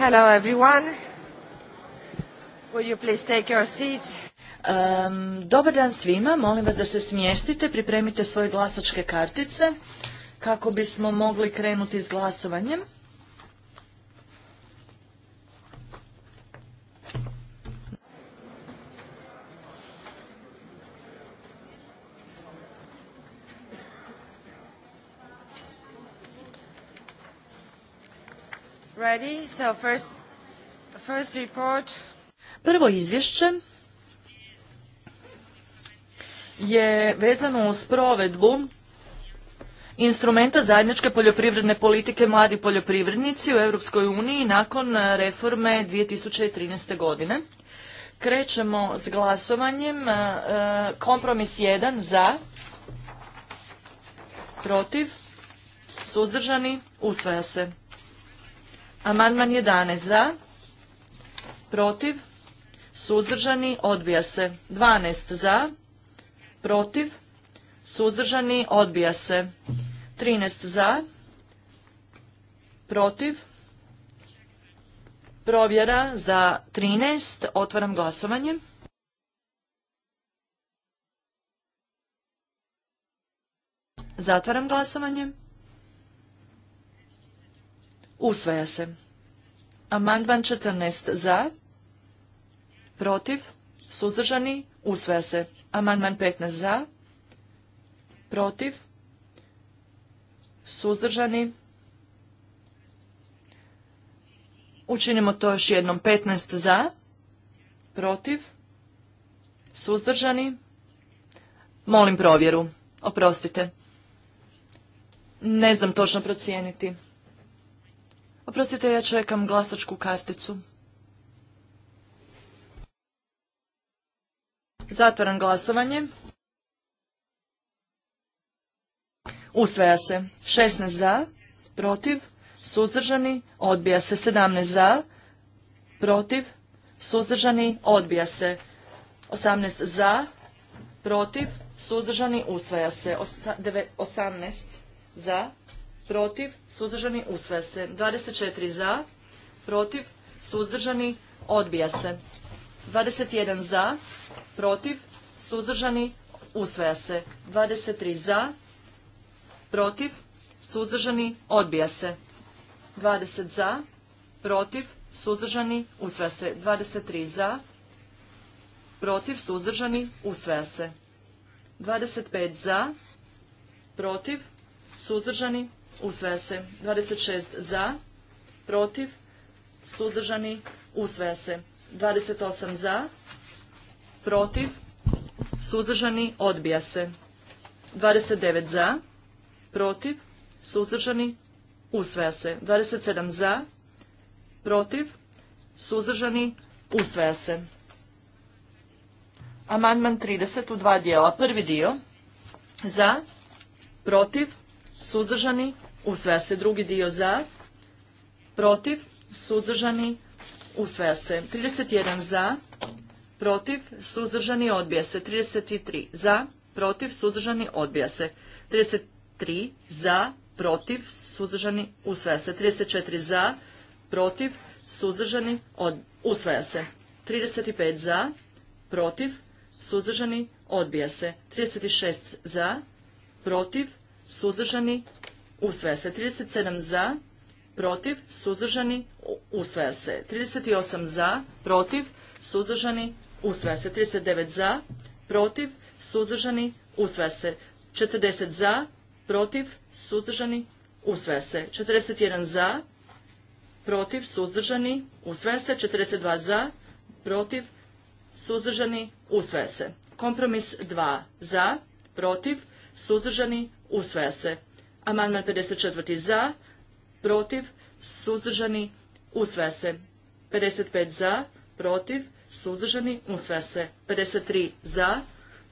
Hello everyone. Will you please take your seats? dobar dan svima, molim vas da se smjestite, pripremite svoje glasačke kartice kako bismo mogli krenuti s glasovanjem. Prvo izvješće je vezano uz provedbu instrumenta zajedničke poljoprivredne politike mladi poljoprivrednici u Europskoj uniji nakon reforme 2013. godine. Krećemo s glasovanjem. E, kompromis 1 za, protiv, suzdržani, usvaja se. Amandman 11 za, protiv, suzdržani, odbija se. 12 za, protiv, suzdržani, odbija se. 13 za, protiv, provjera za 13, otvaram glasovanje. Zatvaram glasovanje. Usvaja se. Amandman 14 za, protiv, suzdržani, usvaja se. Amandman 15 za, protiv, suzdržani. Učinimo to još jednom. 15 za, protiv, suzdržani. Molim provjeru. Oprostite. Ne znam točno procijeniti. Oprostite, ja čekam glasačku karticu. Zatvaram glasovanje. Usvaja se 16 za, protiv, suzdržani, odbija se 17 za, protiv, suzdržani, odbija se 18 za, protiv, suzdržani, usvaja se 18 za, protiv, suzdržani, usvaja se. 24 za, protiv, suzdržani, odbija se. 21 za, protiv, suzdržani, usvaja se. 23 za, protiv, suzdržani, odbija se. 20 za, protiv, suzdržani, usvaja se. 23 za, protiv, suzdržani, usvaja se. 25 za, protiv, suzdržani, usvaja se. 26 za, protiv, suzdržani, usvaja se. 28 za, protiv, suzdržani, odbija se. 29 za, protiv, suzdržani, usvaja se. 27 za, protiv, suzdržani, usvaja se. Amandman 30 u dva dijela. Prvi dio za, protiv, suzdržani, usvaja se. Drugi dio za, protiv, suzdržani, usvaja se. 31 za, protiv, suzdržani, odbija se. 33 za, protiv, suzdržani, odbija se. 33 za, protiv, suzdržani, usvaja se. 34 za, protiv, suzdržani, usvaja se. 35 za, protiv, suzdržani, odbija se. 36 za, protiv, suzdržani, usvaja se. 37 za, protiv, suzdržani, usvaja se. 38 za, protiv, suzdržani, usvaja se. 39 za, protiv, suzdržani, usvaja se. 40 za, protiv, suzdržani, usvaja se. 41 za, protiv, suzdržani, usvaja se. 42 za, protiv, suzdržani, usvaja se. Kompromis 2 za, protiv, suzdržani, usvaja se. Amandman 54. za, protiv, suzdržani, usvaja se. 55 za, protiv, suzdržani, usvaja se. 53 za,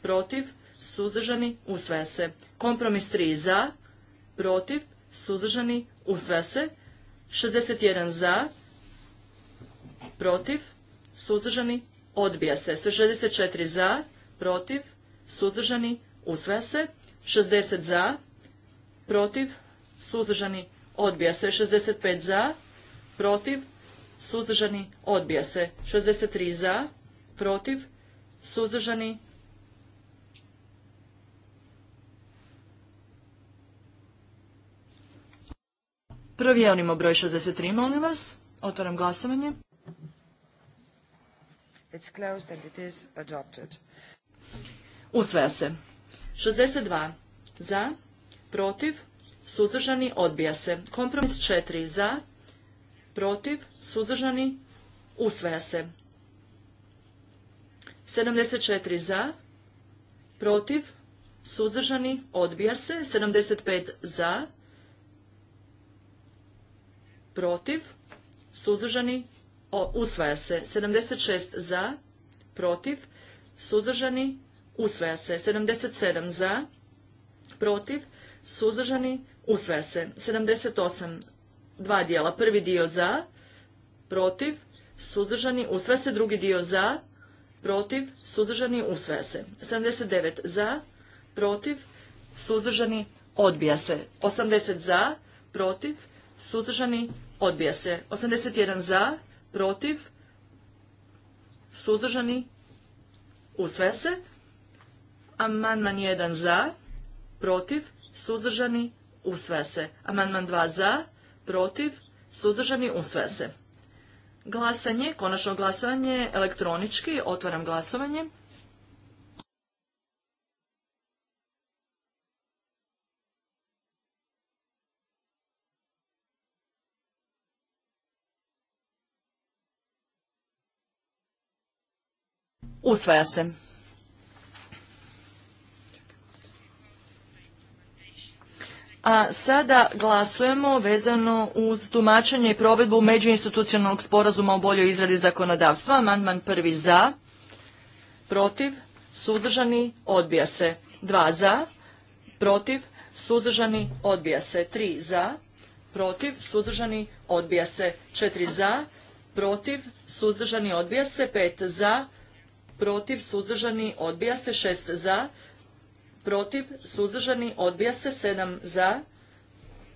protiv, suzdržani, usvaja se. Kompromis 3 za, protiv, suzdržani, usvaja se. 61 za, protiv, suzdržani, odbija se. 64 za, protiv, suzdržani, usvaja se. 60 za, protiv, suzdržani, odbija se. 65 za, protiv, suzdržani, odbija se. 63 za, protiv, suzdržani, Prvi onimo broj 63, molim vas. Otvaram glasovanje. It's closed and it is adopted. Usvaja se. 62 za, protiv, suzdržani, odbija se. Kompromis 4 za, protiv, suzdržani, usvaja se. 74 za, protiv, suzdržani, odbija se. 75 za, protiv, suzdržani, usvaja se. 76 za, protiv, suzdržani, usvaja se. 77 za, protiv, suzdržani, usvaja se. 78, dva dijela. Prvi dio za, protiv, suzdržani, usvaja se. Drugi dio za, protiv, suzdržani, usvaja se. 79 za, protiv, suzdržani, odbija se. 80 za, protiv, suzdržani, odbija se. 81 za, protiv, suzdržani, usvaja se. Amandman 1 za, protiv, suzdržani, usvaja se. Amandman 2 za, protiv, suzdržani, usvaja se. Glasanje, konačno glasovanje, elektronički, otvaram glasovanje. Usvaja se. A sada glasujemo vezano uz tumačenje i provedbu međuinstitucionalnog sporazuma o boljoj izradi zakonodavstva. Amandman prvi za, protiv, suzdržani, odbija se. Dva za, protiv, suzdržani, odbija se. Tri za, protiv, suzdržani, odbija se. Četiri za, protiv, suzdržani, odbija se. Pet za, protiv, suzdržani, odbija se. Šest za, protiv, suzdržani, odbija se, 7 za,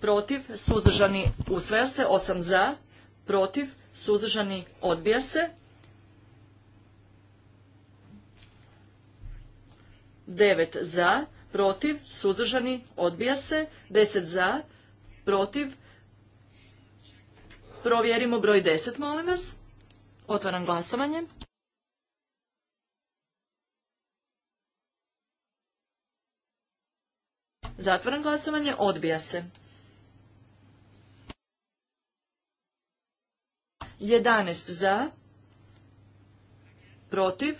protiv, suzdržani, usvaja se, 8 za, protiv, suzdržani, odbija se, 9 za, protiv, suzdržani, odbija se, 10 za, protiv, provjerimo broj 10, molim vas. Otvaram glasovanje. Zatvoren glasovanje odbija se. 11 za, protiv,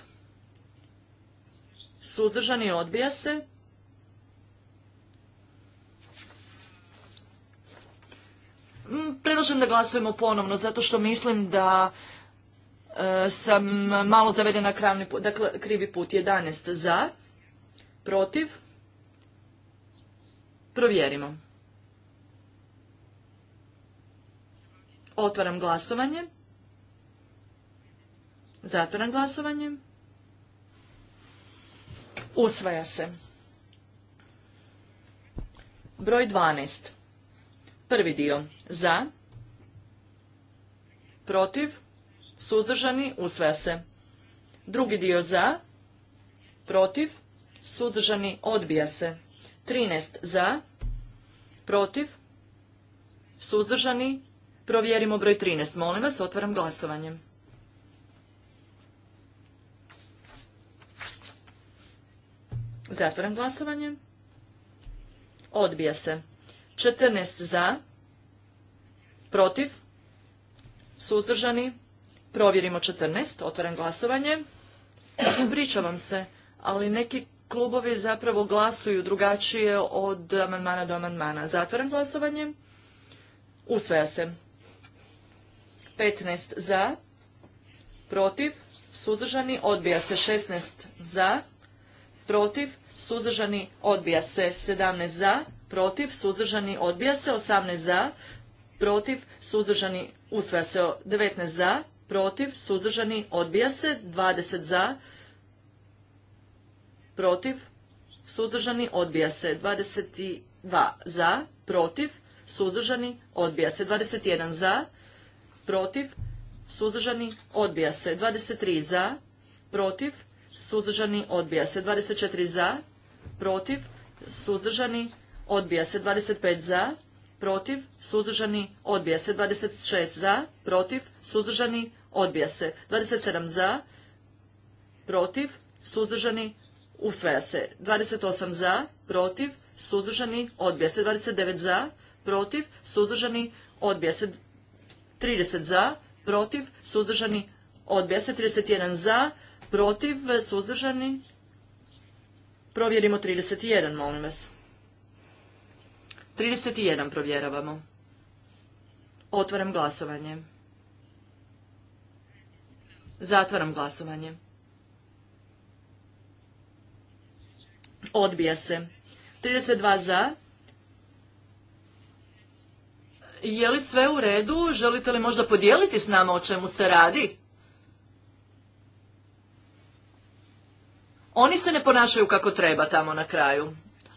suzdržani odbija se. Mm, predlažem da glasujemo ponovno, zato što mislim da e, sam malo zavedena dakle, krivi put. 11 za, protiv, Provjerimo. Otvaram glasovanje. Zatvaram glasovanje. Usvaja se. Broj 12. Prvi dio. Za. Protiv. Suzdržani. Usvaja se. Drugi dio. Za. Protiv. Suzdržani. Odbija se. 13 za, protiv, suzdržani, provjerimo broj 13. Molim vas, otvaram glasovanje. Zatvaram glasovanje. Odbija se. 14 za, protiv, suzdržani, provjerimo 14, otvaram glasovanje. Pričavam se, ali neki klubovi zapravo glasuju drugačije od amandmana do amandmana. Zatvaram glasovanje. Usvaja se. 15 za, protiv, suzdržani, odbija se. 16 za, protiv, suzdržani, odbija se. 17 za, protiv, suzdržani, odbija se. 18 za, protiv, suzdržani, usvaja se. 19 za, protiv, suzdržani, odbija se. 20 za, protiv, suzdržani, odbija se. 22 za, protiv, suzdržani, odbija se. 21 za, protiv, suzdržani, odbija se. 23 za, protiv, suzdržani, odbija se. 24 za, protiv, suzdržani, odbija se. 25 za, protiv, suzdržani, odbija se. 26 za, protiv, suzdržani, odbija se. 27 za, protiv, suzdržani, usvaja se. 28 za, protiv, suzdržani, odbija se. 29 za, protiv, suzdržani, odbija se. 30 za, protiv, suzdržani, odbija se. 31 za, protiv, suzdržani, provjerimo 31, molim vas. 31 provjeravamo. Otvaram glasovanje. Zatvaram glasovanje. Odbija se. 32 za. Je li sve u redu? Želite li možda podijeliti s nama o čemu se radi? Oni se ne ponašaju kako treba tamo na kraju.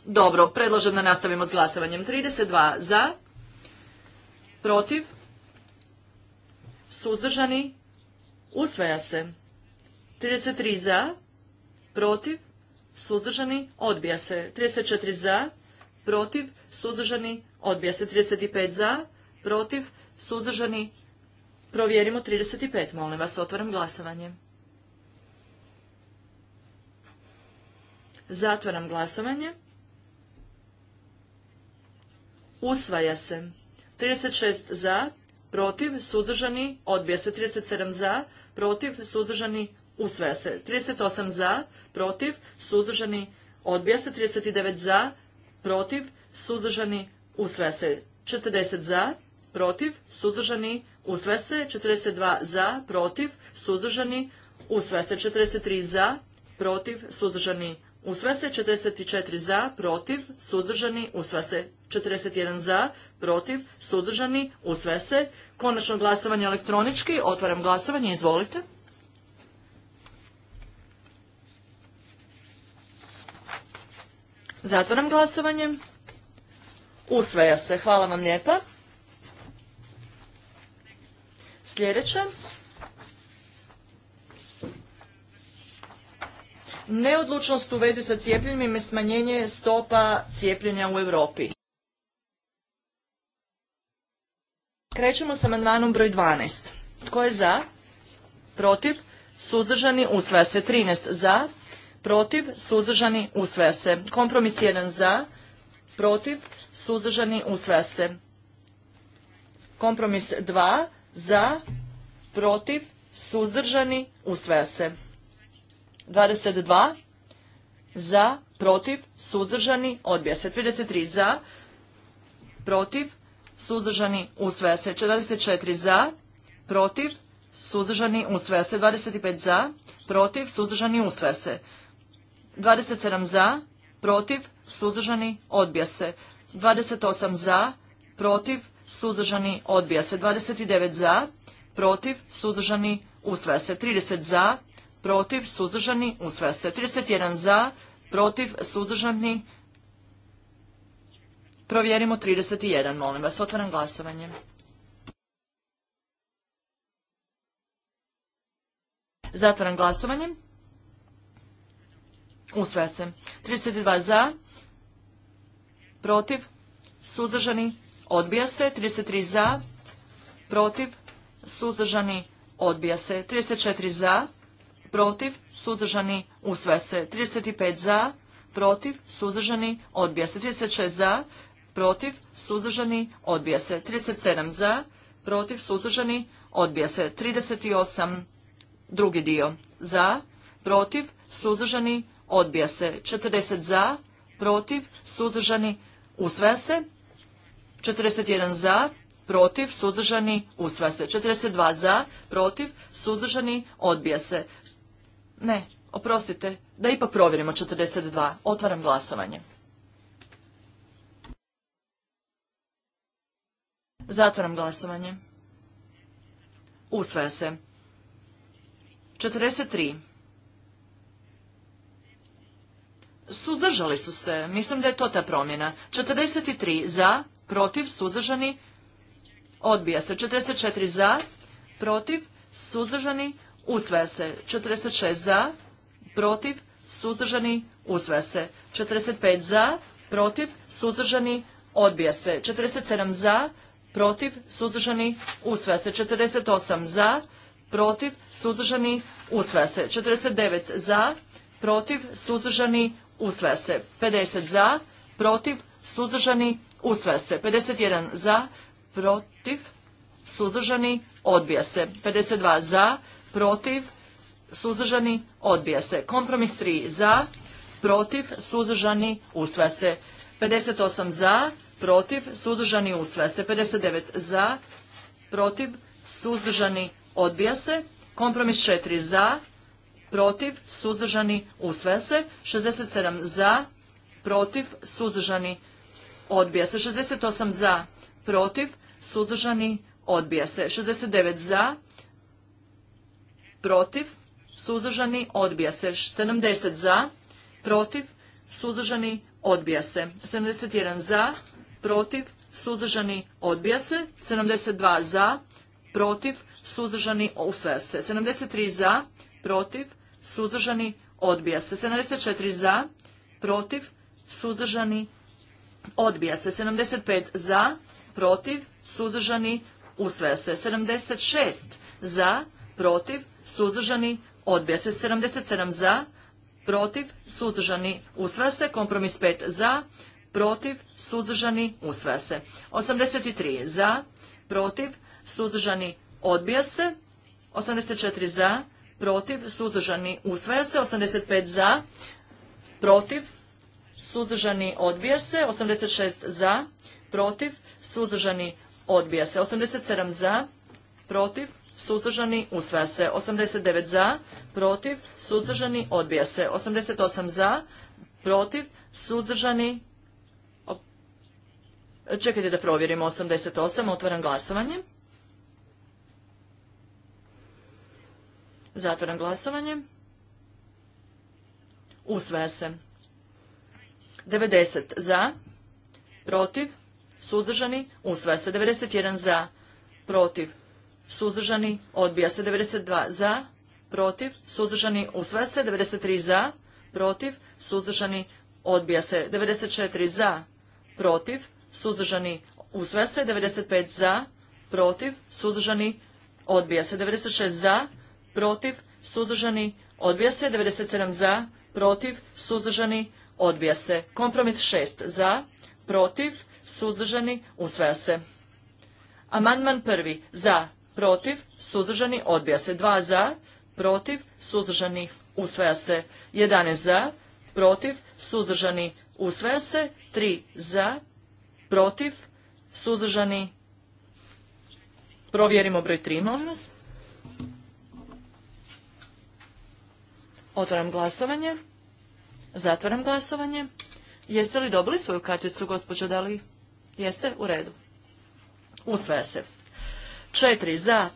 Dobro, predlažem da nastavimo s glasovanjem. 32 za, protiv, suzdržani, usvaja se. 33 za, protiv, suzdržani, odbija se. 34 za, protiv, suzdržani, odbija se. 35 za, protiv, suzdržani, provjerimo 35, molim vas, otvaram glasovanje. Zatvaram glasovanje. Usvaja se. 36 za, protiv, suzdržani, odbija se. 37 za, protiv, suzdržani, usvaja se. 38 za, protiv, suzdržani, odbija se. 39 za, protiv, suzdržani, usvaja se. 40 za, protiv, suzdržani, usvaja se. 42 za, protiv, suzdržani, usvaja se. 43 za, protiv, suzdržani, usvaja se. 44 za, protiv, suzdržani, usvaja se. 41 za, protiv, suzdržani, usvaja se. Konačno glasovanje elektronički, otvaram glasovanje, izvolite. Zatvaram glasovanje. Usvaja se. Hvala vam lijepa. Sljedeće. Neodlučnost u vezi sa cijepljenjem i smanjenje stopa cijepljenja u Europi. Krećemo sa amandmanom broj 12. Tko je za? Protiv? Suzdržani? Usvaja se 13. Za? protiv, suzdržani, usvaja se. Kompromis 1 za, protiv, suzdržani, usvaja se. Kompromis 2 za, protiv, suzdržani, usvaja se. 22 za, protiv, suzdržani, odbija se. 33 za, protiv, suzdržani, usvaja se. 44 za, protiv, suzdržani, usvaja se. 25 za, protiv, suzdržani, usvaja se. 27 za, protiv, suzdržani, odbija se. 28 za, protiv, suzdržani, odbija se. 29 za, protiv, suzdržani, usvaja se. 30 za, protiv, suzdržani, usvaja se. 31 za, protiv, suzdržani, provjerimo 31, molim vas. Otvaram glasovanje. Zatvaram glasovanje. Usvaja se. 32 za, protiv, suzdržani, odbija se. 33 za, protiv, suzdržani, odbija se. 34 za, protiv, suzdržani, usvaja se. 35 za, protiv, suzdržani, odbija se. 36 za, protiv, suzdržani, odbija se. 37 za, protiv, suzdržani, odbija se. 38 drugi dio za, protiv, suzdržani, odbija se. 40 za, protiv, suzdržani, usvaja se. 41 za, protiv, suzdržani, usvaja se. 42 za, protiv, suzdržani, odbija se. Ne, oprostite, da ipak provjerimo 42. Otvaram glasovanje. Zatvaram glasovanje. Usvaja se. 43. Suzdržali su se. Mislim da je to ta promjena. 43 za, protiv, suzdržani, odbija se. 44 za, protiv, suzdržani, usvaja se. 46 za, protiv, suzdržani, usvaja se. 45 za, protiv, suzdržani, odbija se. 47 za, protiv, suzdržani, usvaja se. 48 za, protiv, suzdržani, usvaja se. 49 za, protiv, suzdržani, usvaja se. 50 za, protiv, suzdržani, usvaja se. 51 za, protiv, suzdržani, odbija se. 52 za, protiv, suzdržani, odbija se. Kompromis 3 za, protiv, suzdržani, usvaja se. 58 za, protiv, suzdržani, usvaja se. 59 za, protiv, suzdržani, odbija se. Kompromis 4 za, protiv, suzdržani, usvaja se. 67 za, protiv, suzdržani, odbija se. 68 za, protiv, suzdržani, odbija se. 69 za, protiv, suzdržani, odbija se. 70 za, protiv, suzdržani, odbija se. 71 za, protiv, suzdržani, odbija se. 72 za, protiv, suzdržani, usvaja se. 73 za, protiv, suzdržani, odbija se. 74 za, protiv, suzdržani, odbija se. 75 za, protiv, suzdržani, usvaja se. 76 za, protiv, suzdržani, odbija se. 77 za, protiv, suzdržani, usvaja se. Kompromis 5 za, protiv, suzdržani, usvaja se. 83 za, protiv, suzdržani, odbija se. 84 za, protiv, suzdržani, usvaja se. 85 za, protiv, suzdržani, odbija se. 86 za, protiv, suzdržani, odbija se. 87 za, protiv, suzdržani, usvaja se. 89 za, protiv, suzdržani, odbija se. 88 za, protiv, suzdržani, Čekajte da provjerimo 88, otvaram glasovanje. Zatvoram glasovanje. Usvaja se. 90 za, protiv, suzdržani, usvaja se. 91 za, protiv, suzdržani, odbija se. 92 za, protiv, suzdržani, usvaja se. 93 za, protiv, suzdržani, odbija se. 94 za, protiv, suzdržani, usvaja se. 95 za, protiv, suzdržani, odbija se. 96 za, protiv, suzdržani, odbija se. 97 za, protiv, suzdržani, odbija se. Kompromis 6 za, protiv, suzdržani, usvaja se. Amandman prvi za, protiv, suzdržani, odbija se. 2 za, protiv, suzdržani, usvaja se. 11 za, protiv, suzdržani, usvaja se. 3 za, protiv, suzdržani, Provjerimo broj 3, možemo se. Otvaram glasovanje. Zatvaram glasovanje. Jeste li dobili svoju karticu, gospođo Dali? Jeste? U redu. Usvaja se. Četiri za,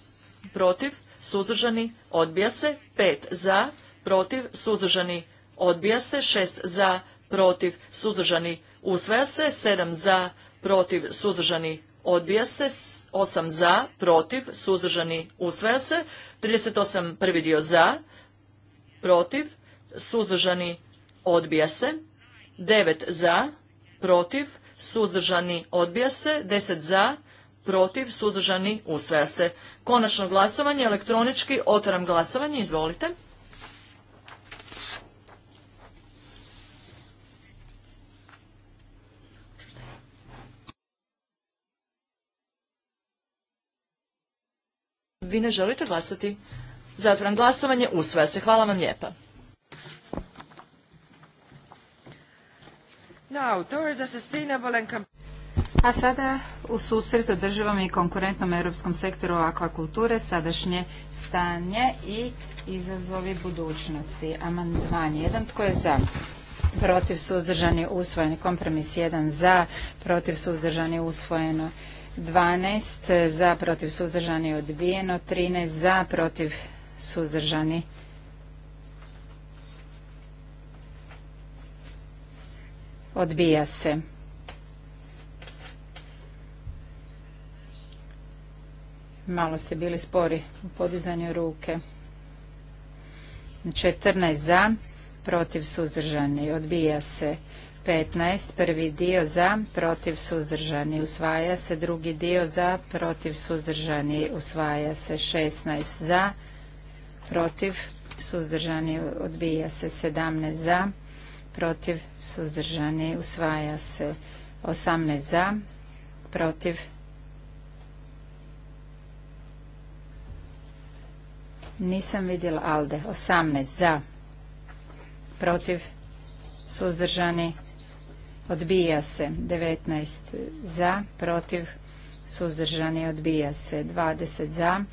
protiv, suzdržani, odbija se. Pet za, protiv, suzdržani, odbija se. Šest za, protiv, suzdržani, usvaja se. Sedam za, protiv, suzdržani, odbija se. Osam za, protiv, suzdržani, usvaja se. osam prvi dio za, protiv, suzdržani, odbija se. 9 za, protiv, suzdržani, odbija se. 10 za, protiv, suzdržani, usvaja se. Konačno glasovanje elektronički, otvaram glasovanje, izvolite. Vi ne želite glasati? Zatvoram glasovanje. Usvaja se. Hvala vam lijepa. A sada u susretu državom i konkurentnom europskom sektoru akvakulture sadašnje stanje i izazovi budućnosti. Amandman 1. Tko je za? Protiv suzdržani usvojeni. Kompromis 1 za. Protiv suzdržani usvojeno. 12 za. Protiv suzdržani odbijeno. 13 za. Protiv suzdržani. Odbija se. Malo ste bili spori u podizanju ruke. 14 za, protiv suzdržani. Odbija se. 15. Prvi dio za, protiv suzdržani. Usvaja se. Drugi dio za, protiv suzdržani. Usvaja se. 16 za, protiv, suzdržani odbija se 17 za, protiv, suzdržani usvaja se 18 za, protiv, nisam vidjela Alde, 18 za, protiv, suzdržani odbija se 19 za, protiv, suzdržani odbija se 20 za,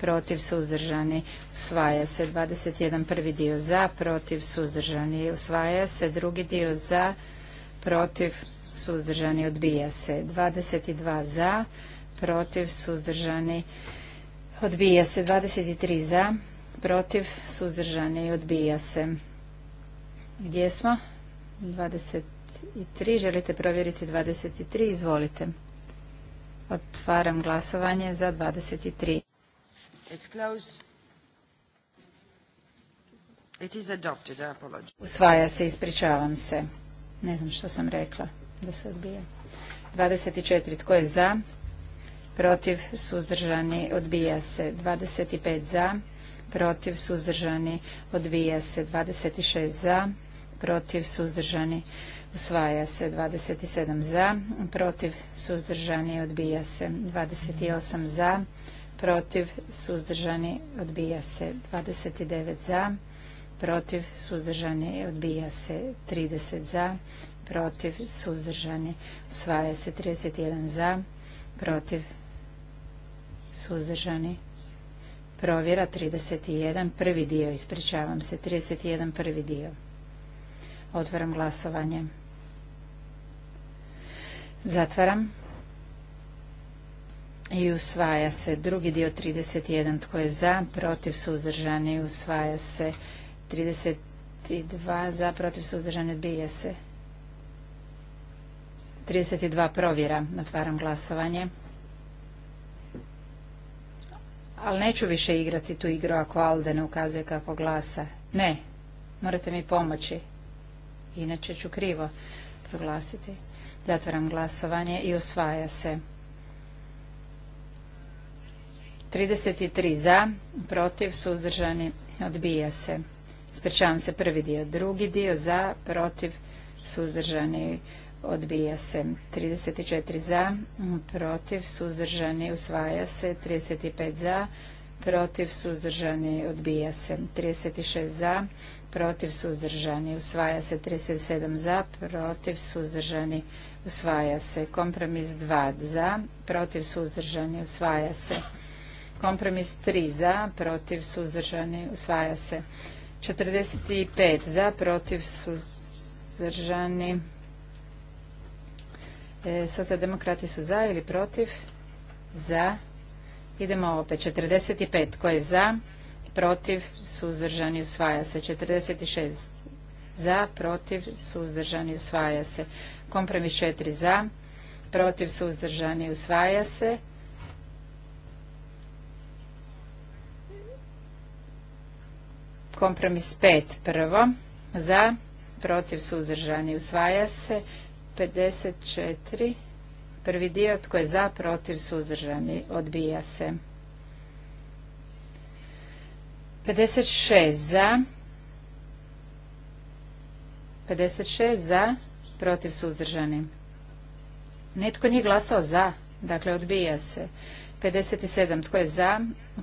protiv suzdržani usvaja se 21 prvi dio za protiv suzdržani usvaja se drugi dio za protiv suzdržani odbija se 22 za protiv suzdržani odbija se 23 za protiv suzdržani odbija se gdje smo 23 želite provjeriti 23 izvolite otvaram glasovanje za 23 It's closed. It is adopted. apologize. Usvaja se, ispričavam se. Ne znam što sam rekla da se odbija. 24. Tko je za? Protiv suzdržani odbija se. 25 za. Protiv suzdržani odbija se. 26 za. Protiv suzdržani usvaja se. 27 za. Protiv suzdržani odbija se. 28 za protiv, suzdržani, odbija se 29 za, protiv, suzdržani, odbija se 30 za, protiv, suzdržani, osvaja se 31 za, protiv, suzdržani, provjera 31, prvi dio, ispričavam se, 31 prvi dio. Otvaram glasovanje. Zatvaram i usvaja se. Drugi dio 31 tko je za, protiv i usvaja se. 32 za, protiv suzdržani odbija se. 32 provjera. Otvaram glasovanje. Ali neću više igrati tu igru ako Alde ne ukazuje kako glasa. Ne, morate mi pomoći. Inače ću krivo proglasiti. Zatvaram glasovanje i usvaja se. 33 za, protiv, suzdržani, odbija se. Ispričavam se prvi dio. Drugi dio za, protiv, suzdržani, odbija se. 34 za, protiv, suzdržani, usvaja se. 35 za, protiv, suzdržani, odbija se. 36 za, protiv, suzdržani, usvaja se. 37 za, protiv, suzdržani, usvaja se. Kompromis 2 za, protiv, suzdržani, usvaja se. Kompromis 3 za, protiv, suzdržani, usvaja se. 45 za, protiv, suzdržani. E, socijaldemokrati su za ili protiv? Za. Idemo opet. 45 koje je za, protiv, suzdržani, usvaja se. 46 za, protiv, suzdržani, usvaja se. Kompromis 4 za, protiv, suzdržani, usvaja se. Kompromis 5 prvo. Za, protiv, suzdržani. Usvaja se 54. Prvi dio tko je za, protiv, suzdržani. Odbija se. 56 za. 56 za, protiv, suzdržani. Netko nije glasao za, dakle odbija se. 57. Tko je za?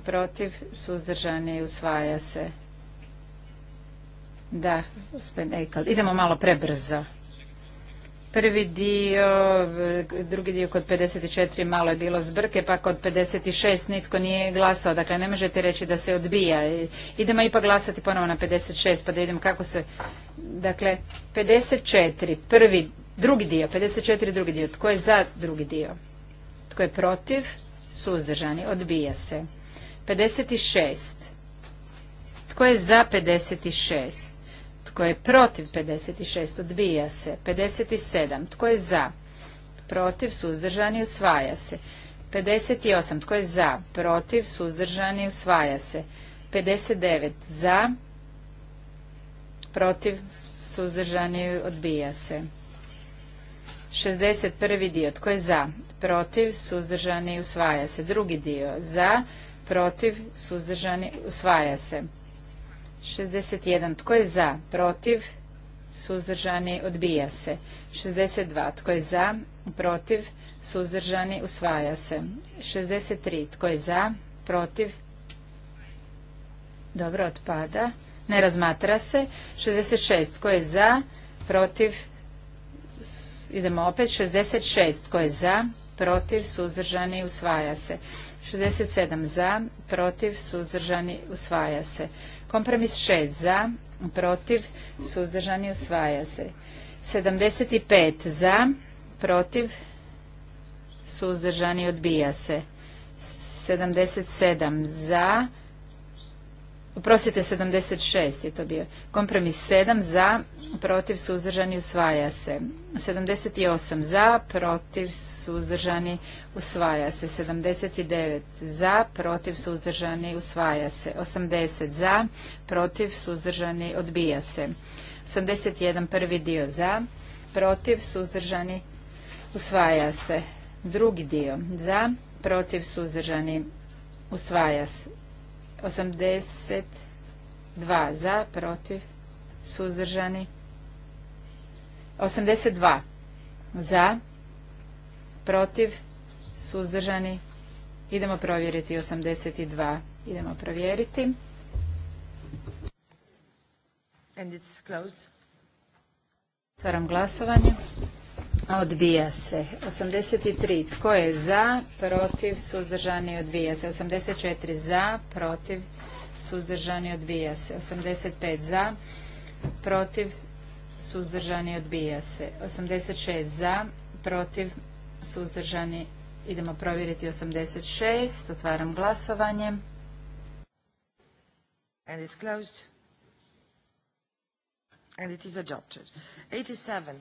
Protiv? Suzdržani? Usvaja se. Da, gospodin Eikal. Idemo malo prebrzo. Prvi dio, drugi dio kod 54 malo je bilo zbrke, pa kod 56 nitko nije glasao. Dakle, ne možete reći da se odbija. Idemo ipak glasati ponovo na 56, pa da vidim kako se... Dakle, 54, prvi, drugi dio, 54, drugi dio. Tko je za drugi dio? Tko je protiv? Suzdržani. Odbija se. 56. Tko je za 56? Tko je protiv 56? Odbija se. 57. Tko je za? Protiv, suzdržani, usvaja se. 58. Tko je za? Protiv, suzdržani, usvaja se. 59. Za? Protiv, suzdržani, odbija se. 61. dio. Tko je za? Protiv, suzdržani, usvaja se. Drugi dio. Za? Protiv, suzdržani, usvaja se. 61. Tko je za? Protiv? Suzdržani? Odbija se. 62. Tko je za? Protiv? Suzdržani? Usvaja se. 63. Tko je za? Protiv? Dobro, otpada. Ne razmatra se. 66. Tko je za? Protiv? Idemo opet. 66. Tko je za? Protiv? Suzdržani? Usvaja se. 67. Za? Protiv? Suzdržani? Usvaja se. Kompromis 6 za, protiv, suzdržani usvaja se. 75 za, protiv, suzdržani odbija se. 77 za, Oprostite, 76 je to bio. Kompromis 7 za, protiv, suzdržani, usvaja se. 78 za, protiv, suzdržani, usvaja se. 79 za, protiv, suzdržani, usvaja se. 80 za, protiv, suzdržani, odbija se. 81 prvi dio za, protiv, suzdržani, usvaja se. Drugi dio za, protiv, suzdržani, usvaja se. 82 za, protiv, suzdržani. 82 za, protiv, suzdržani. Idemo provjeriti 82. Idemo provjeriti. And it's closed. Otvaram glasovanje. Odbija se. 83. Tko je za? Protiv. Suzdržani. Odbija se. 84. Za. Protiv. Suzdržani. Odbija se. 85. Za. Protiv. Suzdržani. Odbija se. 86. Za. Protiv. Suzdržani. Idemo provjeriti 86. Otvaram glasovanje. And 87.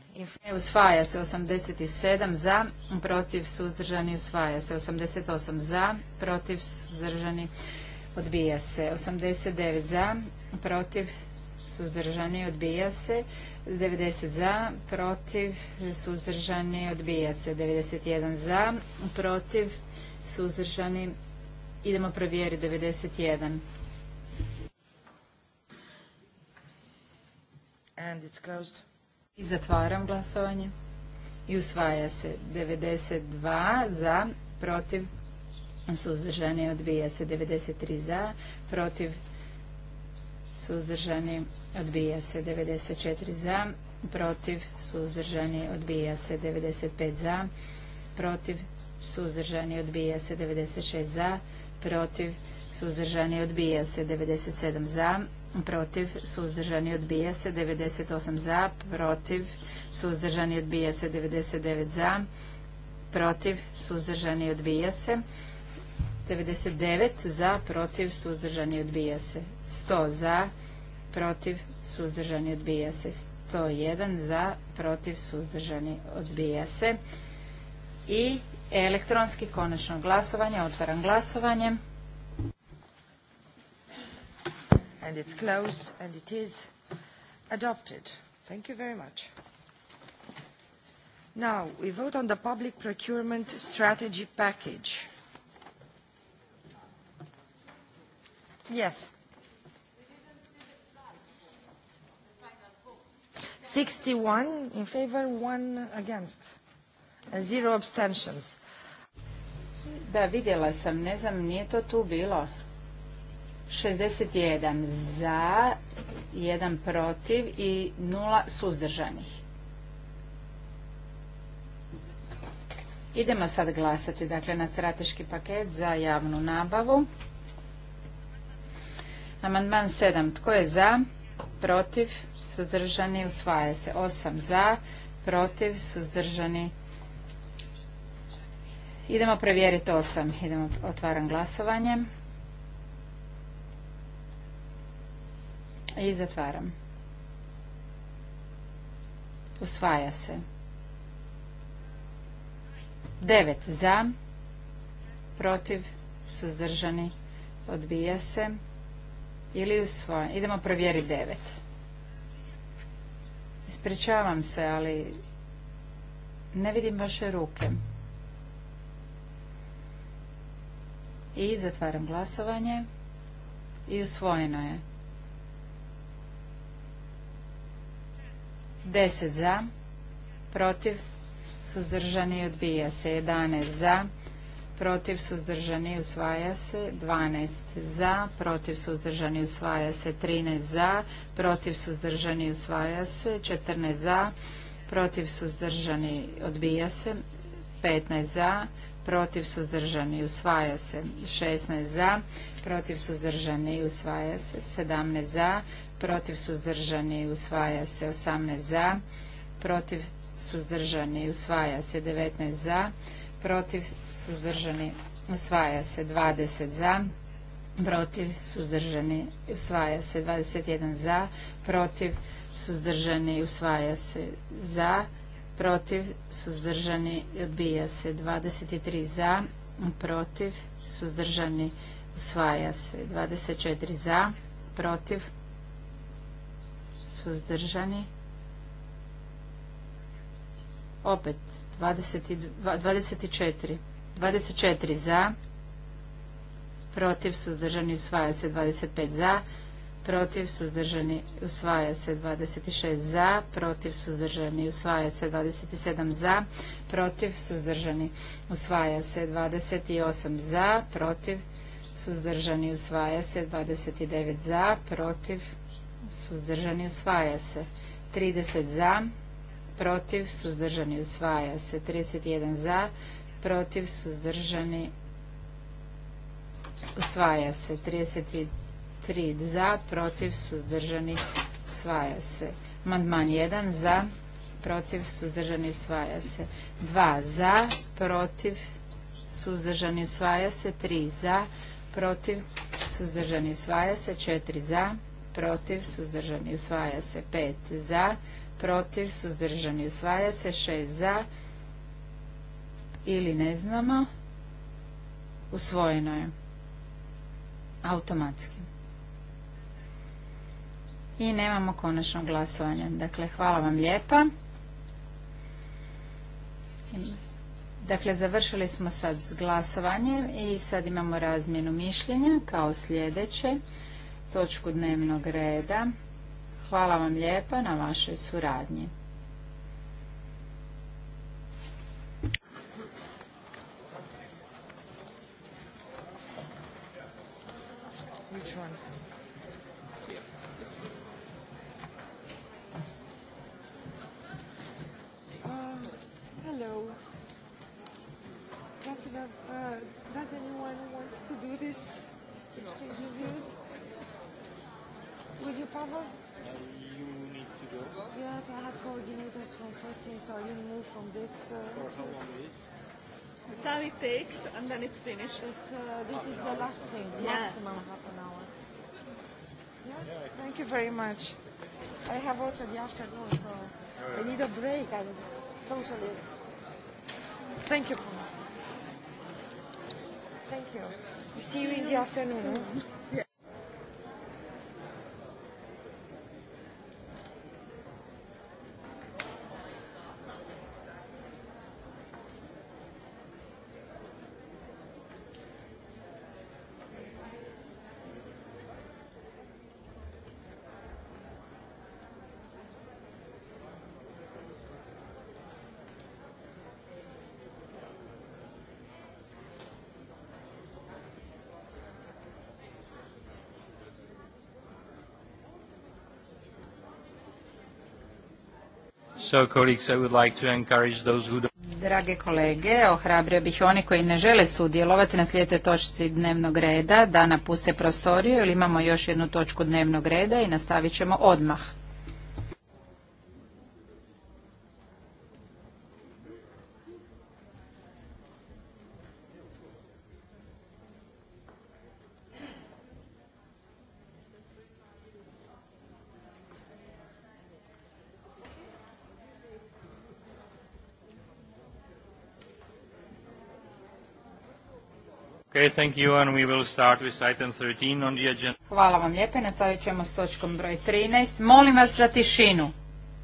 Usvaja se 87 za, protiv suzdržani usvaja se 88 za, protiv suzdržani odbija se 89 za, protiv suzdržani odbija se 90 za, protiv suzdržani odbija se 91 za, protiv suzdržani idemo provjeriti 91. And it's closed. I zatvaram glasovanje. I usvaja se 92 za, protiv, suzdržani, odbija se 93 za, protiv, suzdržani, odbija se 94 za, protiv, suzdržani, odbija se 95 za, protiv, suzdržani, odbija se 96 za, protiv, suzdržani, odbija se 97 za, protiv, suzdržani odbija se 98 za, protiv, suzdržani odbija se 99 za, protiv, suzdržani odbija se 99 za, protiv, suzdržani odbija se 100 za, protiv, suzdržani odbija se 101 za, protiv, suzdržani odbija se i elektronski konačno glasovanje, otvaram glasovanje. and it's closed and it is adopted. Thank you very much. Now, we vote on the public procurement strategy package. Yes. 61 in favor, one against, and zero abstentions. Da, vidjela sam, ne znam, nije to tu bilo. 61 za, 1 protiv i 0 suzdržanih. Idemo sad glasati dakle, na strateški paket za javnu nabavu. Amandman 7. Tko je za? Protiv? Suzdržani? Usvaja se. 8 za, protiv, suzdržani. Idemo provjeriti 8. Idemo, otvaram glasovanje. I zatvaram. Usvaja se. 9 za, protiv, suzdržani, odbija se ili usvoja. Idemo provjeriti devet. Ispričavam se, ali ne vidim vaše ruke. I zatvaram glasovanje. I usvojeno je. 10 za, protiv, suzdržani, odbija se. 11 za, protiv, suzdržani, usvaja se. 12 za, protiv, suzdržani, usvaja se. 13 za, protiv, suzdržani, usvaja se. 14 za, protiv, suzdržani, odbija se. 15 za, protiv suzdržani usvaja se 16 za, protiv suzdržani usvaja se 17 za, protiv suzdržani usvaja se 18 za, protiv suzdržani usvaja se 19 za, protiv suzdržani usvaja se 20 za, protiv suzdržani usvaja se 21 za, protiv suzdržani usvaja se za, protiv, suzdržani, odbija se. 23 za, protiv, suzdržani, usvaja se. 24 za, protiv, suzdržani, opet 24 24 za protiv suzdržani usvaja se 25 za protiv, suzdržani, usvaja se 26 za, protiv, suzdržani, usvaja se 27 za, protiv, suzdržani, usvaja se 28 za, protiv, suzdržani, usvaja se 29 za, protiv, suzdržani, usvaja se 30 za, protiv, suzdržani, usvaja se 31 za, protiv, suzdržani, usvaja se 32 3 za, protiv, suzdržani, svaja se. Mandman 1 za, protiv, suzdržani, svaja se. 2 za, protiv, suzdržani, svaja se. 3 za, protiv, suzdržani, svaja se. 4 za, protiv, suzdržani, svaja se. 5 za, protiv, suzdržani, svaja se. 6 za, ili ne znamo, usvojeno je automatski i nemamo konačno glasovanje. Dakle, hvala vam lijepa. Dakle, završili smo sad s glasovanjem i sad imamo razmjenu mišljenja kao sljedeće točku dnevnog reda. Hvala vam lijepa na vašoj suradnji. Hello. That's enough. Uh, does anyone want to do this exchange of views? Would you cover? Uh, you need to go. Yes, I have coordinators from first thing, so I didn't move from this. Uh, For how long is? The it takes, and then it's finished. It's, uh, this half is the last thing, yeah. maximum half an hour. Yeah? yeah Thank you very much. I have also the afternoon, so I need a break. I'm totally Thank you. Thank you. See you in the afternoon. Drage kolege, ohrabrio bih oni koji ne žele sudjelovati na slijete točci dnevnog reda da napuste prostoriju jer imamo još jednu točku dnevnog reda i nastavit ćemo odmah. Hvala vam lijepa i nastavit ćemo s točkom broj 13. Molim vas za tišinu.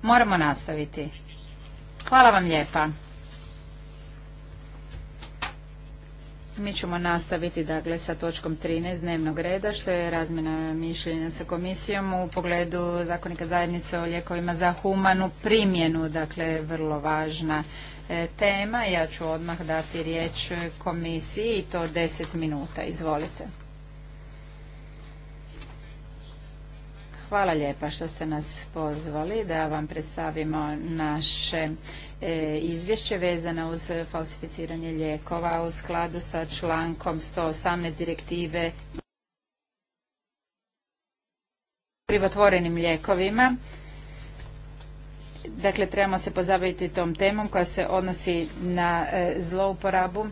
Moramo nastaviti. Hvala vam lijepa. Mi ćemo nastaviti dakle sa točkom 13 dnevnog reda što je razmjena mišljenja sa komisijom u pogledu zakonika zajednice o lijekovima za humanu primjenu, dakle vrlo važna e, tema. Ja ću odmah dati riječ komisiji i to 10 minuta. Izvolite. Hvala lijepa što ste nas pozvali da vam predstavimo naše e, izvješće vezano uz falsificiranje lijekova u skladu sa člankom 118 direktive krivotvorenim lijekovima. Dakle, trebamo se pozabaviti tom temom koja se odnosi na e, zlouporabu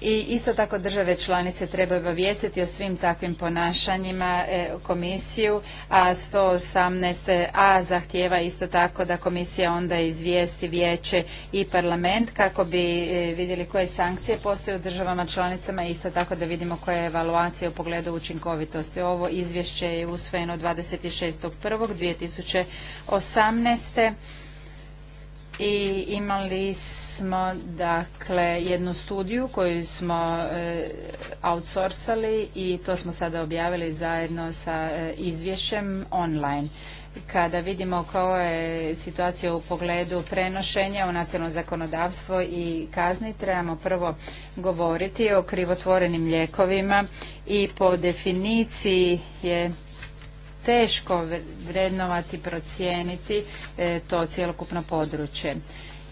i isto tako države članice trebaju obavijestiti o svim takvim ponašanjima e, komisiju, a 118a zahtjeva isto tako da komisija onda izvijesti vijeće i parlament kako bi e, vidjeli koje sankcije postoje u državama članicama i isto tako da vidimo koja je evaluacija u pogledu učinkovitosti. Ovo izvješće je usvojeno 26.1.2018 i imali smo dakle jednu studiju koju smo outsorsali e, outsourcali i to smo sada objavili zajedno sa e, izvješćem online. Kada vidimo koja je situacija u pogledu prenošenja u nacionalno zakonodavstvo i kazni, trebamo prvo govoriti o krivotvorenim lijekovima i po definiciji je teško vrednovati, procijeniti e, to cjelokupno područje.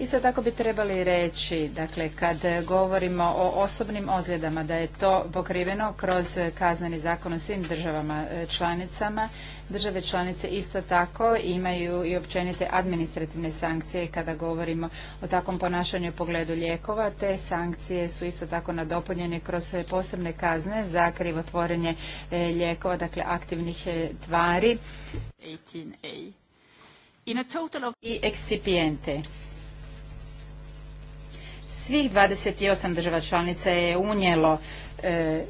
Isto tako bi trebali reći, dakle, kad govorimo o osobnim ozljedama, da je to pokriveno kroz kazneni zakon u svim državama e, članicama. Države članice isto tako imaju i općenite administrativne sankcije kada govorimo o takvom ponašanju u pogledu lijekova. Te sankcije su isto tako nadopunjene kroz posebne kazne za krivotvorenje e, lijekova, dakle aktivnih e, tvari 18A. i ekscipijente. Svih 28 država članica je unijelo e,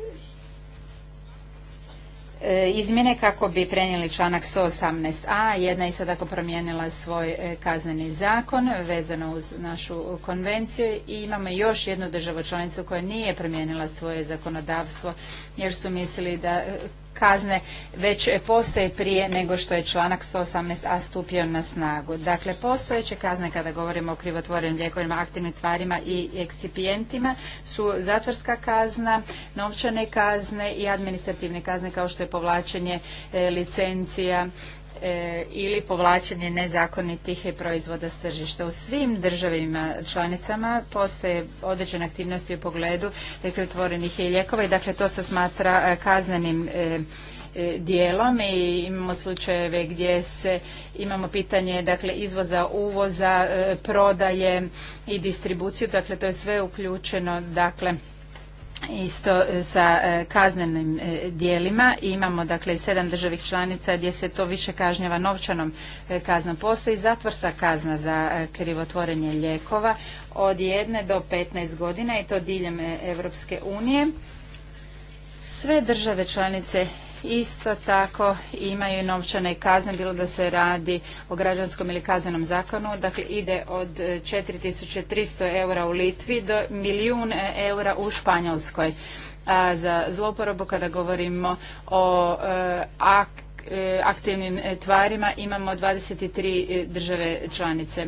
e, izmjene kako bi prenijeli članak 118a. Jedna je isto promijenila svoj e, kazneni zakon vezano uz našu konvenciju i imamo još jednu državu članicu koja nije promijenila svoje zakonodavstvo jer su mislili da kazne već postoje prije nego što je članak 118a stupio na snagu. Dakle, postojeće kazne kada govorimo o krivotvorenim lijekovima, aktivnim tvarima i eksipijentima su zatvorska kazna, novčane kazne i administrativne kazne kao što je povlačenje e, licencija E, ili povlačenje nezakonitih e, proizvoda s tržišta. U svim državima članicama postoje određene aktivnosti u pogledu dakle, otvorenih i e, lijekova i dakle to se smatra kaznenim dijelom i imamo slučajeve gdje se imamo pitanje dakle izvoza, uvoza, prodaje i distribuciju, dakle to je sve uključeno dakle isto e, sa e, kaznenim e, dijelima. Imamo dakle sedam državih članica gdje se to više kažnjava novčanom kaznom. Postoji zatvorska kazna za krivotvorenje lijekova od jedne do petnaest godina i to diljem Europske unije. Sve države članice Isto tako imaju novčane kazne, bilo da se radi o građanskom ili kaznenom zakonu. Dakle, ide od 4300 e, eura u Litvi do milijun e, eura u Španjolskoj. A za zloporobu, kada govorimo o e, aktivnim tvarima imamo 23 države članice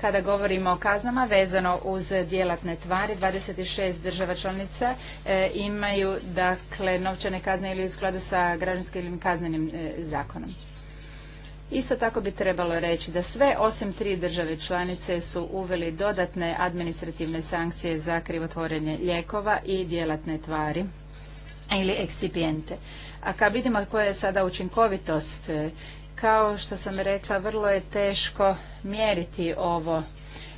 kada govorimo o kaznama vezano uz djelatne tvari, 26 država članica e, imaju dakle novčane kazne ili u skladu sa građanskim ili kaznenim e, zakonom. Isto tako bi trebalo reći da sve osim tri države članice su uveli dodatne administrativne sankcije za krivotvorenje lijekova i djelatne tvari ili eksipijente. A kad vidimo koja je sada učinkovitost e, kao što sam rekla, vrlo je teško mjeriti ovo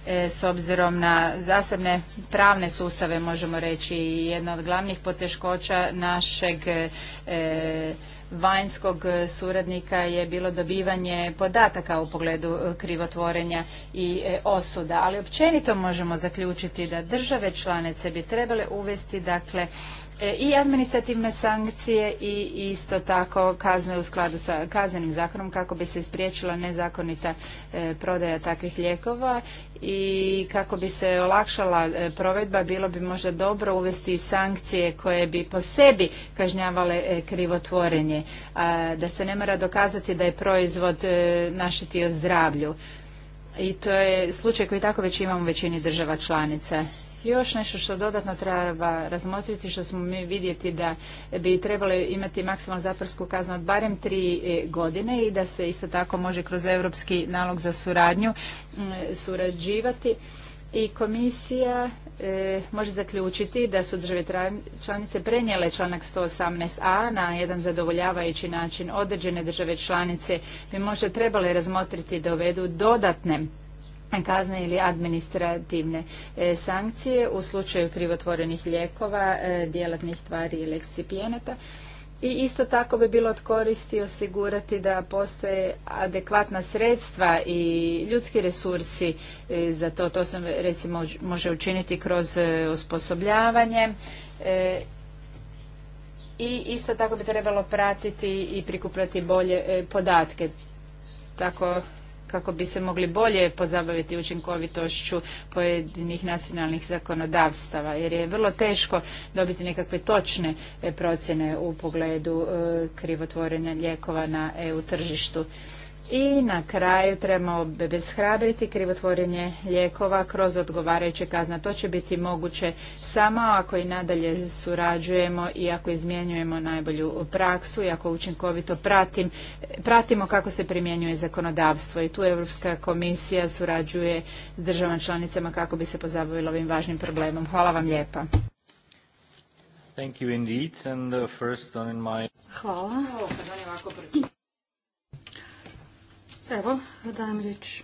e, s obzirom na zasebne pravne sustave, možemo reći, i jedna od glavnih poteškoća našeg e, vanjskog suradnika je bilo dobivanje podataka u pogledu e, krivotvorenja i osuda. Ali općenito možemo zaključiti da države članice bi trebale uvesti dakle E, i administrativne sankcije i isto tako kazne u skladu sa kaznenim zakonom kako bi se spriječila nezakonita e, prodaja takvih lijekova i kako bi se olakšala e, provedba bilo bi možda dobro uvesti sankcije koje bi po sebi kažnjavale krivotvorenje, da se ne mora dokazati da je proizvod našetio naštetio zdravlju. I to je slučaj koji tako već imamo u većini država članica. Još nešto što dodatno treba razmotriti, što smo mi vidjeti da bi trebali imati maksimalnu zatvorsku kaznu od barem tri e, godine i da se isto tako može kroz europski nalog za suradnju surađivati. I komisija e, može zaključiti da su države članice prenijele članak 118a na jedan zadovoljavajući način. Određene države članice bi možda trebale razmotriti da uvedu dodatne kazne ili administrativne e, sankcije u slučaju krivotvorenih lijekova, e, djelatnih tvari ili eksipijenata. I isto tako bi bilo od koristi osigurati da postoje adekvatna sredstva i ljudski resursi e, za to. To se recimo može učiniti kroz osposobljavanje i isto tako bi trebalo pratiti i prikupljati bolje podatke. Tako kako bi se mogli bolje pozabaviti učinkovitošću pojedinih nacionalnih zakonodavstava jer je vrlo teško dobiti nekakve točne e, procjene u pogledu e, krivotvorene lijekova na EU tržištu. I na kraju trebamo bezhrabriti krivotvorenje lijekova kroz odgovarajuće kazne. To će biti moguće samo ako i nadalje surađujemo i ako izmjenjujemo najbolju praksu i ako učinkovito pratimo kako se primjenjuje zakonodavstvo. I tu Europska komisija surađuje s državama članicama kako bi se pozabavila ovim važnim problemom. Hvala vam lijepa. Thank you indeed. And uh, first on Hvala. Evo, dajem riječ.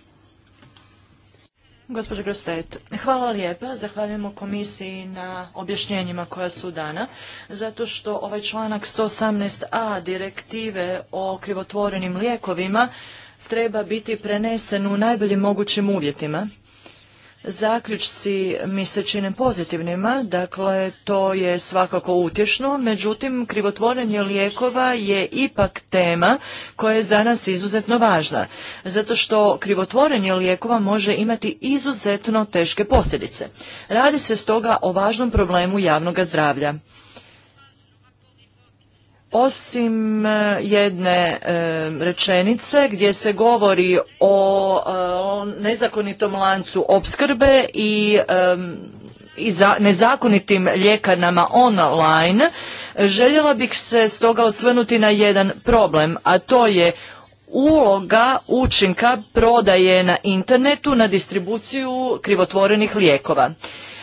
Gospođa Grostet, hvala lijepa. Zahvaljujemo komisiji na objašnjenjima koja su dana, zato što ovaj članak 118a direktive o krivotvorenim lijekovima treba biti prenesen u najboljim mogućim uvjetima Zaključci mi se čine pozitivnima, dakle to je svakako utješno, međutim krivotvorenje lijekova je ipak tema koja je za nas izuzetno važna, zato što krivotvorenje lijekova može imati izuzetno teške posljedice. Radi se stoga o važnom problemu javnog zdravlja osim e, jedne e, rečenice gdje se govori o, e, nezakonitom lancu opskrbe i nezakonitim ljekarnama online, željela bih se stoga osvrnuti na jedan problem, a to je uloga učinka prodaje na internetu na distribuciju krivotvorenih lijekova.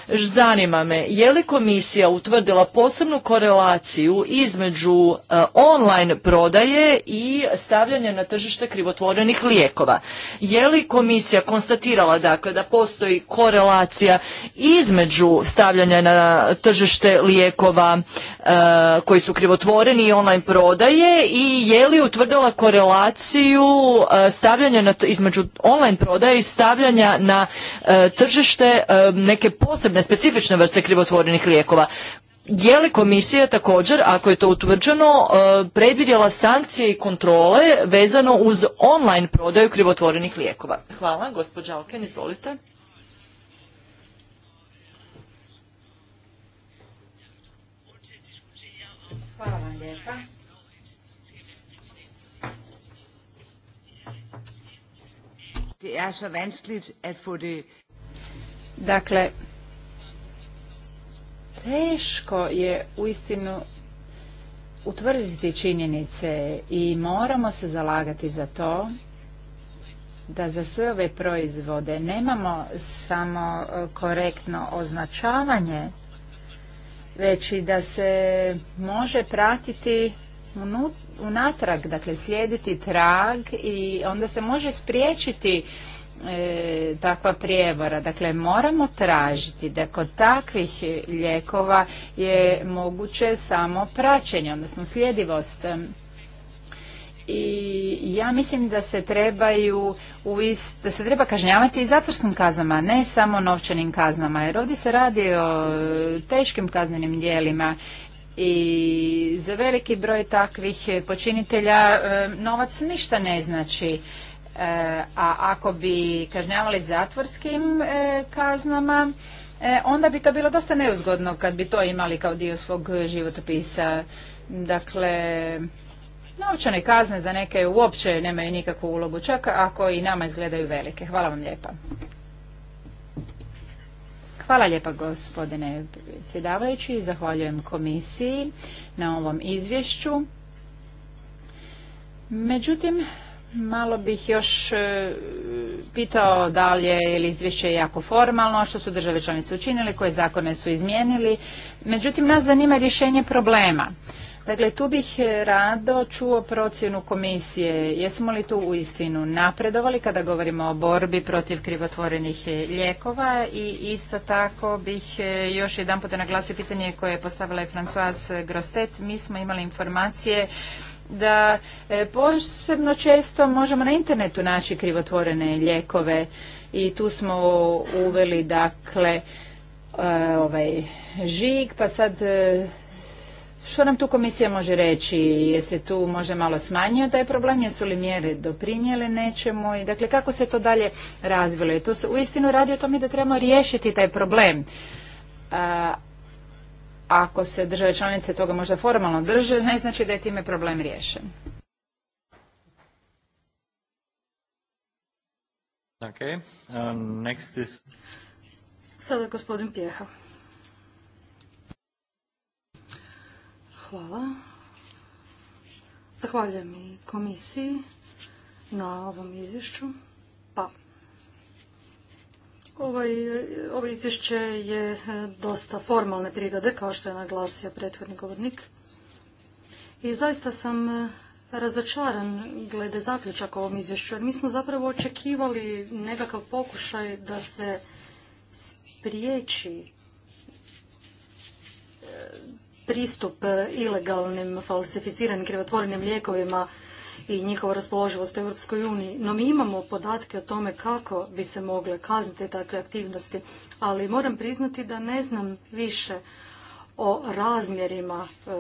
Zanima me, je li komisija utvrdila posebnu korelaciju između e, online prodaje i stavljanja na tržište krivotvorenih lijekova? Je li komisija konstatirala dakle da postoji korelacija između stavljanja na tržište lijekova e, koji su krivotvoreni i online prodaje i je li utvrdila korelaciju e, stavljanja između online prodaje i stavljanja na tržište neke posebne posebne specifične vrste krivotvorenih lijekova. Je li komisija također, ako je to utvrđeno, e, predvidjela sankcije i kontrole vezano uz online prodaju krivotvorenih lijekova? Hvala, gospođa Oken, izvolite. Hvala vam lijepa. Er dakle, teško je uistinu utvrditi činjenice i moramo se zalagati za to da za sve ove proizvode nemamo samo e, korektno označavanje, već i da se može pratiti unatrag, dakle slijediti trag i onda se može spriječiti e, takva prijevara. Dakle, moramo tražiti da kod takvih lijekova je moguće samo praćenje, odnosno sljedivost. I ja mislim da se trebaju da se treba kažnjavati i zatvorskim kaznama, ne samo novčanim kaznama, jer ovdje se radi o teškim kaznenim djelima i za veliki broj takvih počinitelja e, novac ništa ne znači E, a ako bi kažnjavali zatvorskim e, kaznama, e, onda bi to bilo dosta neuzgodno kad bi to imali kao dio svog životopisa. Dakle, novčane kazne za neke uopće nemaju nikakvu ulogu, čak ako i nama izgledaju velike. Hvala vam lijepa. Hvala lijepa gospodine predsjedavajući, zahvaljujem komisiji na ovom izvješću. Međutim, Malo bih još e, pitao da li je ili izvješće jako formalno, što su države članice učinili, koje zakone su izmijenili. Međutim, nas zanima rješenje problema. Dakle, tu bih e, rado čuo procjenu komisije. Jesmo li tu u istinu napredovali kada govorimo o borbi protiv krivotvorenih e, lijekova i isto tako bih još jedan puta naglasio pitanje koje je postavila i Françoise Grostet. Mi smo imali informacije da e, posebno često možemo na internetu naći krivotvorene lijekove i tu smo uveli dakle e, ovaj žig pa sad e, što nam tu komisija može reći? Je se tu možda malo smanjio taj problem? Jesu li mjere doprinijele nečemu? I dakle, kako se to dalje razvilo? I to se uistinu radi o tome da trebamo riješiti taj problem. Ako se države članice toga možda formalno drže, ne znači da je time problem riješen. Um, Sada gospodin Pjeha. Hvala. Zahvaljujem i komisiji na ovom izvješću. Ovaj, ovo izvješće je e, dosta formalne prirode, kao što je naglasio prethodni govornik. I zaista sam e, razočaran glede zaključaka ovom izvješću, jer mi smo zapravo očekivali nekakav pokušaj da se spriječi e, pristup ilegalnim falsificiranim krivotvorenim lijekovima i njihova raspoloživost u Europskoj uniji. No mi imamo podatke o tome kako bi se mogle kazniti takve aktivnosti, ali moram priznati da ne znam više o razmjerima e,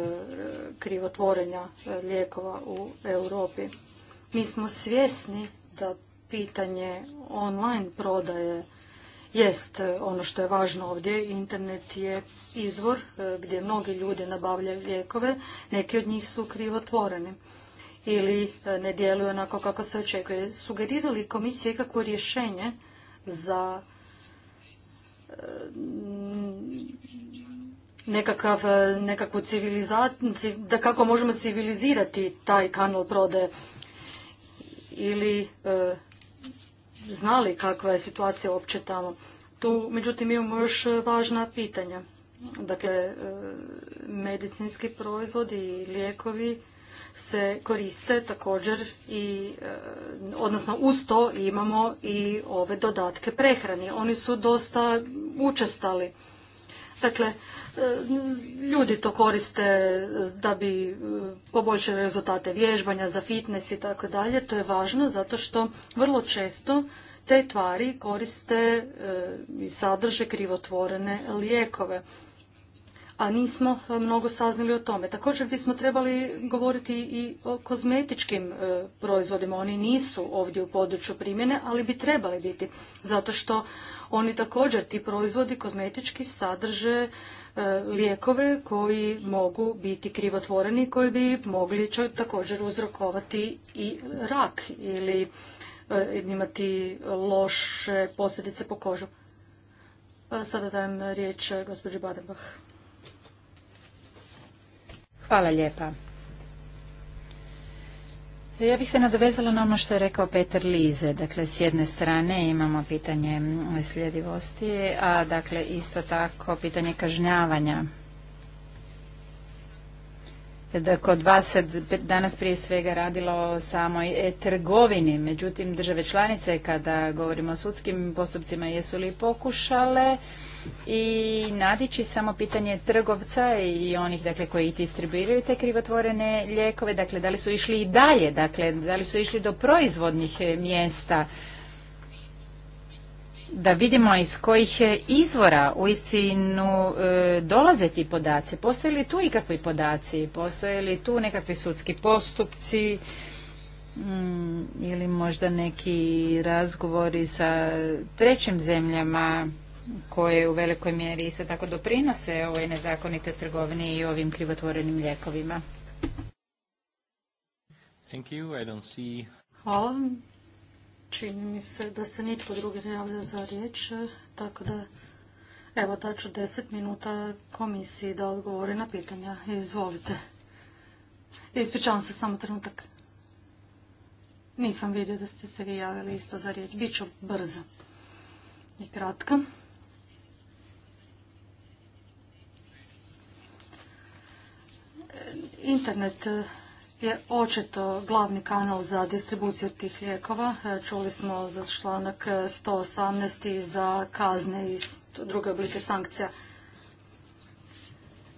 krivotvorenja e, lijekova u Europi. Mi smo svjesni da pitanje online prodaje jest e, ono što je važno ovdje. Internet je izvor gdje mnogi ljudi nabavljaju lijekove, neki od njih su krivotvoreni ili e, ne djeluju onako kako se očekuje. Sugerirali komisije ikakvo rješenje za e, e, nekakvu civilizaciju, da kako možemo civilizirati taj kanal prode ili znali kakva je situacija uopće tamo. Tu, međutim, imamo još važna pitanja. Dakle, medicinski proizvodi i lijekovi se koriste također i, e, odnosno uz to imamo i ove dodatke prehrani. Oni su dosta učestali. Dakle, e, ljudi to koriste da bi e, poboljšali rezultate vježbanja za fitness i tako dalje. To je važno zato što vrlo često te tvari koriste i sadrže krivotvorene lijekove a nismo e, mnogo saznali o tome. Također bismo trebali govoriti i o kozmetičkim e, proizvodima. Oni nisu ovdje u području primjene, ali bi trebali biti, zato što oni također, ti proizvodi kozmetički, sadrže e, lijekove koji mogu biti krivotvoreni, koji bi mogli također uzrokovati i rak ili imati loše posljedice po kožu. Sada dajem riječ gospođi Badenbach. Hvala lijepa. Ja bih se nadovezala na ono što je rekao Peter Lize. Dakle, s jedne strane imamo pitanje sljedivosti, a dakle isto tako pitanje kažnjavanja. Da kod vas se danas prije svega radilo o samoj e trgovini, međutim države članice kada govorimo o sudskim postupcima jesu li pokušale i nadići samo pitanje trgovca i onih dakle, koji distribuiraju te krivotvorene lijekove, dakle da li su išli i dalje, dakle da li su išli do proizvodnih e, mjesta, da vidimo iz kojih e, izvora u istinu e, dolaze ti podaci. Postoje li tu ikakvi podaci? Postoje li tu nekakvi sudski postupci? Mm, ili možda neki razgovori sa trećim zemljama? koje u velikoj mjeri isto tako doprinose ovoj nezakonitoj trgovini i ovim krivotvorenim lijekovima. Thank you. I don't see... Hvala. Čini mi se da se nitko drugi ne javlja za riječ, tako da evo ću deset minuta komisiji da odgovori na pitanja. Izvolite. Ispričavam se samo trenutak. Nisam vidio da ste se vi javili isto za riječ. Biću brza i kratka. Internet e, je očito glavni kanal za distribuciju tih lijekova. E, čuli smo za članak 118 e, i za kazne i druge oblike sankcija.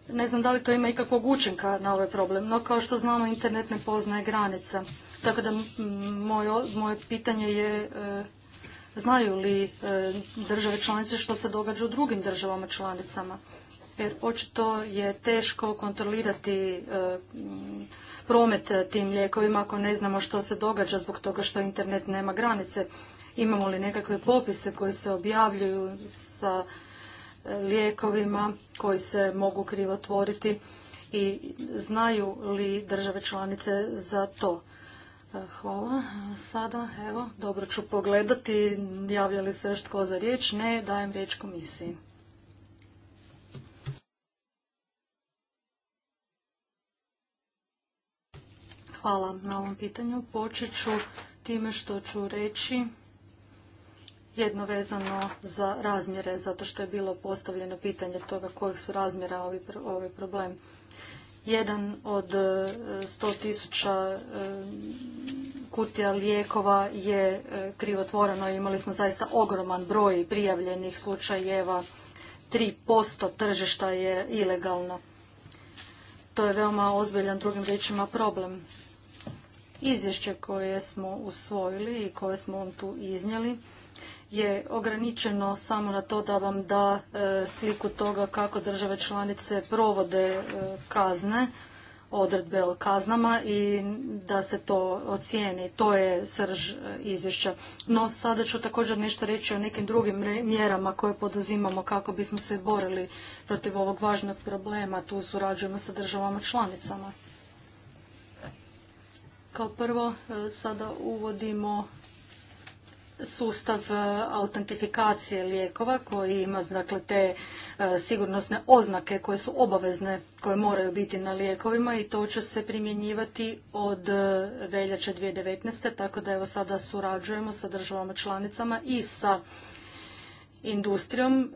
Ne znam da li to ima ikakvog učinka na ovaj problem, no kao što znamo internet ne poznaje granica. Tako da moje, pitanje je znaju li države članice što se događa u drugim državama članicama jer očito je teško kontrolirati e, promet tim lijekovima ako ne znamo što se događa zbog toga što internet nema granice. Imamo li nekakve popise koje se objavljuju sa e, lijekovima koji se mogu krivotvoriti i znaju li države članice za to? E, hvala. Sada, evo, dobro ću pogledati, javlja li se još tko za riječ? Ne, dajem riječ komisiji. Hvala na ovom pitanju. Počet ću time što ću reći jedno vezano za razmjere, zato što je bilo postavljeno pitanje toga kojih su razmjera ovaj problem. Jedan od e, sto tisuća e, kutija lijekova je e, krivotvoreno i imali smo zaista ogroman broj prijavljenih slučajeva. 3% tržišta je ilegalno. To je veoma ozbiljan, drugim riječima, problem. Izvješće koje smo usvojili i koje smo vam tu iznijeli je ograničeno samo na to da vam da e, sliku toga kako države članice provode e, kazne, odredbe o kaznama i da se to ocijeni. To je srž e, izvješća. No sada ću također nešto reći o nekim drugim mjerama koje poduzimamo kako bismo se borili protiv ovog važnog problema. Tu surađujemo sa državama članicama. Kao prvo, e, sada uvodimo sustav e, autentifikacije lijekova koji ima dakle, te e, sigurnosne oznake koje su obavezne, koje moraju biti na lijekovima i to će se primjenjivati od veljače 2019. Tako da evo sada surađujemo sa državama članicama i sa industrijom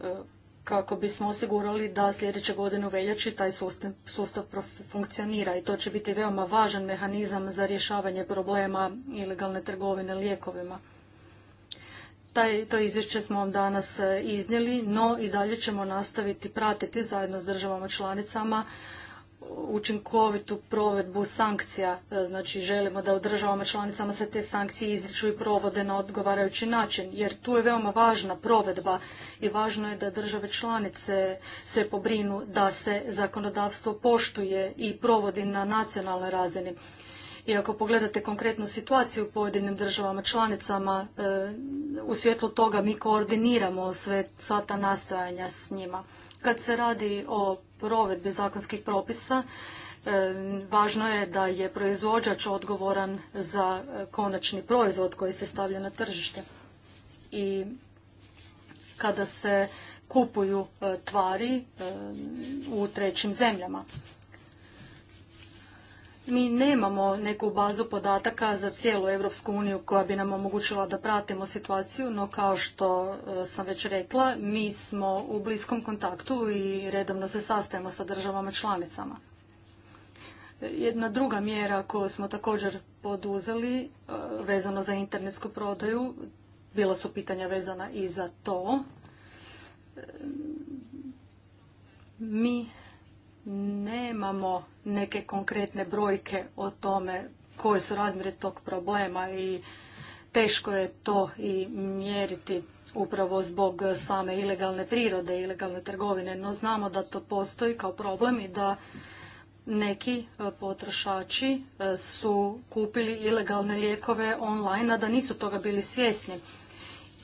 kako bismo osigurali da sljedeće godine u veljači taj sustav, funkcionira i to će biti veoma važan mehanizam za rješavanje problema ilegalne trgovine lijekovima. to izvješće smo vam danas e, iznijeli, no i dalje ćemo nastaviti pratiti zajedno s državama članicama učinkovitu provedbu sankcija. E, znači želimo da u državama članicama se te sankcije izriču i provode na odgovarajući način, jer tu je veoma važna provedba i važno je da države članice se pobrinu da se zakonodavstvo poštuje i provodi na nacionalnoj razini. I ako pogledate konkretnu situaciju u pojedinim državama članicama, e, u svjetlu toga mi koordiniramo sve, sva ta nastojanja s njima. Kad se radi o provedbi zakonskih propisa, e, važno je da je proizvođač odgovoran za e, konačni proizvod koji se stavlja na tržište. I kada se kupuju e, tvari u trećim zemljama. Mi nemamo neku bazu podataka za cijelu Europsku uniju koja bi nam omogućila da pratimo situaciju, no kao što e, sam već rekla, mi smo u bliskom kontaktu i redovno se sastajemo sa državama članicama. Jedna druga mjera koju smo također poduzeli e, vezano za internetsku prodaju, bila su pitanja vezana i za to. E, mi nemamo neke konkretne brojke o tome koje su razmjere tog problema i teško je to i mjeriti upravo zbog same ilegalne prirode, ilegalne trgovine. No znamo da to postoji kao problem i da neki e, potrošači e, su kupili ilegalne lijekove online, a da nisu toga bili svjesni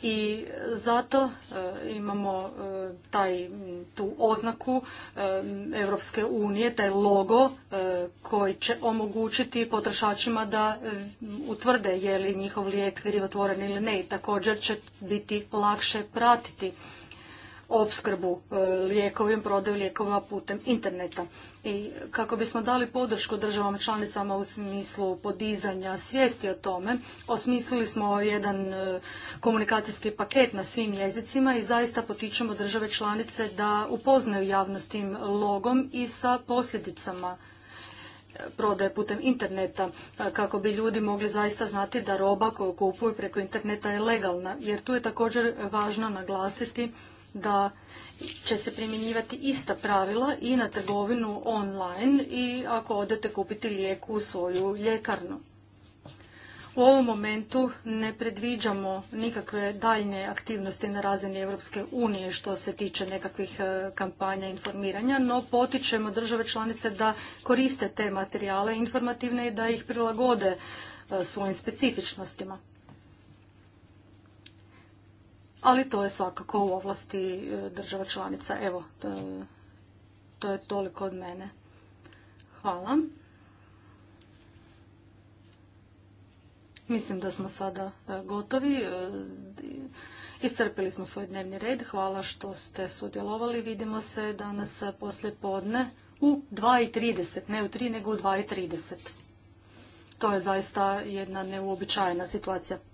i zato e, imamo e, taj, tu oznaku Europske unije, taj logo e, koji će omogućiti potrošačima da utvrde je li njihov lijek krivotvoren ili ne i također će biti lakše pratiti opskrbu e, lijekovima, prodaju lijekova putem interneta. I kako bismo dali podršku državama članicama u smislu podizanja svijesti o tome, osmislili smo jedan e, komunikacijski paket na svim jezicima i zaista potičemo države članice da upoznaju javnost tim logom i sa posljedicama e, prodaje putem interneta kako bi ljudi mogli zaista znati da roba koju kupuju preko interneta je legalna jer tu je također važno naglasiti da će se primjenjivati ista pravila i na trgovinu online i ako odete kupiti lijek u svoju ljekarnu. U ovom momentu ne predviđamo nikakve daljnje aktivnosti na razini Europske unije što se tiče nekakvih e, kampanja informiranja, no potičemo države članice da koriste te materijale informativne i da ih prilagode e, svojim specifičnostima ali to je svakako u ovlasti e, država članica. Evo, to je toliko od mene. Hvala. Mislim da smo sada e, gotovi. E, iscrpili smo svoj dnevni red. Hvala što ste sudjelovali. Vidimo se danas poslije podne u 2.30. Ne u 3, nego u 2.30. To je zaista jedna neuobičajena situacija.